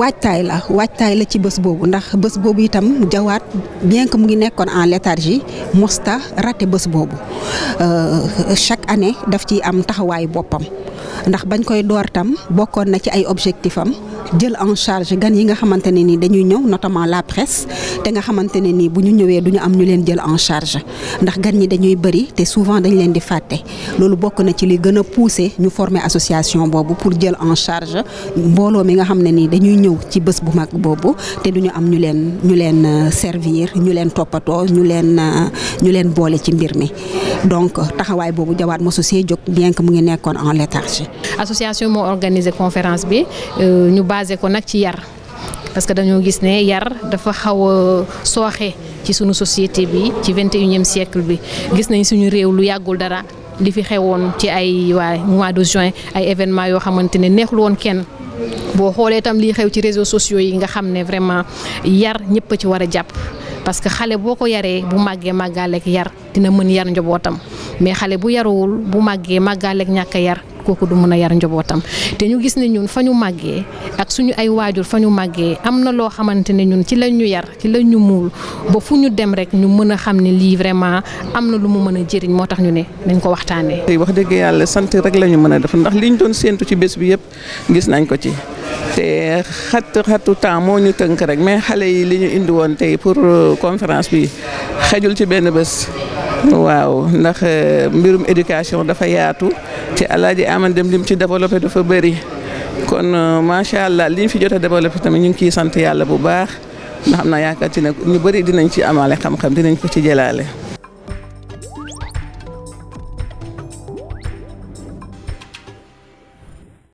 waajtaay la waajtaay la ci bës boobu ndax bës boobu itam jawaat bien que mu ngi nekkoon en léthargie mosta raté bés boobu euh, chaque année daf ci am taxawaayu boppam ndax bañ koy door tam bokkoon na ci ay objectif am jël en charge gan yi nga xamante ne ni dañuy ñëw notamment la presse te nga xamante ne ni bu ñu ñëwee du ñu am ñu leen jël en charge ndax gan ñi dañuy bëri te souvent dañu leen di fàtte loolu bokk na ci li gën a poussé ñu former association boobu pour jël en charge mbooloo mi nga xam ne nii dañuy ñëw ci bës bu mag boobu te du ñu am ñu leen ñu leen euh, servir ñu leen toppatoo ñu leen euh, ñu leen boole ci mbir mi donc taxawaay boobu jawaat mosu see jóg bien que mu ngi nekkoon en léthargie association moo organisé conférence bi euh, ñu basé ko nag ci yar parce que dañoo gis ne yar dafa xaw a sooxe ci suñu société bi ci vingt et unième siècle bi gis nañ suñu réew lu yàggul dara li fi woon ci ay waa mois de juin ay événement yoo xamante ne neexul woon kenn boo xoolee tam lii xew ci réseau sociaux yi nga xam ne vraiment yar ñëpp a ci war a jàpp parce que xale boo ko yaree bu màggee màggaaleeg yar dina mën yar njobootam mais xale bu yaruwul bu màggee màggaaleeg ñàkk yar kooku du mën a yar njabootam te ñu gis ne ñun fa ñu màggee ak suñu ay waajur fa ñu màggee am na loo xamante ne ñun ci lañ ñu yar ci lañ ñu muul ba fu ñu dem rek ñu mën a xam ni lii vraiment am na lu mu mën a jëriñ moo tax ñu ne dañ ko waxtaanee. tey wax dëgg yàlla sant rek la ñu mën a def ndax liñ doon séentu ci bés bi yëpp gis nañ ko ci. te xat xatu temps moo ñu tënk rek mais xale yi li ñu indi woon tey pour euh, conférence bi xajul ci benn bés waaw ndax euh, mbirum éducation dafa yaatu ci Alaaji Amane Dème lim ci développé dafa bëri kon euh, macha allah liñ fi jot a développé tamit ñu ngi ciy sant yàlla bu baax ndax am naa yaakaar ci ne ñu bëri dinañ ci amaale xam-xam dinañ ko ci jëlaale.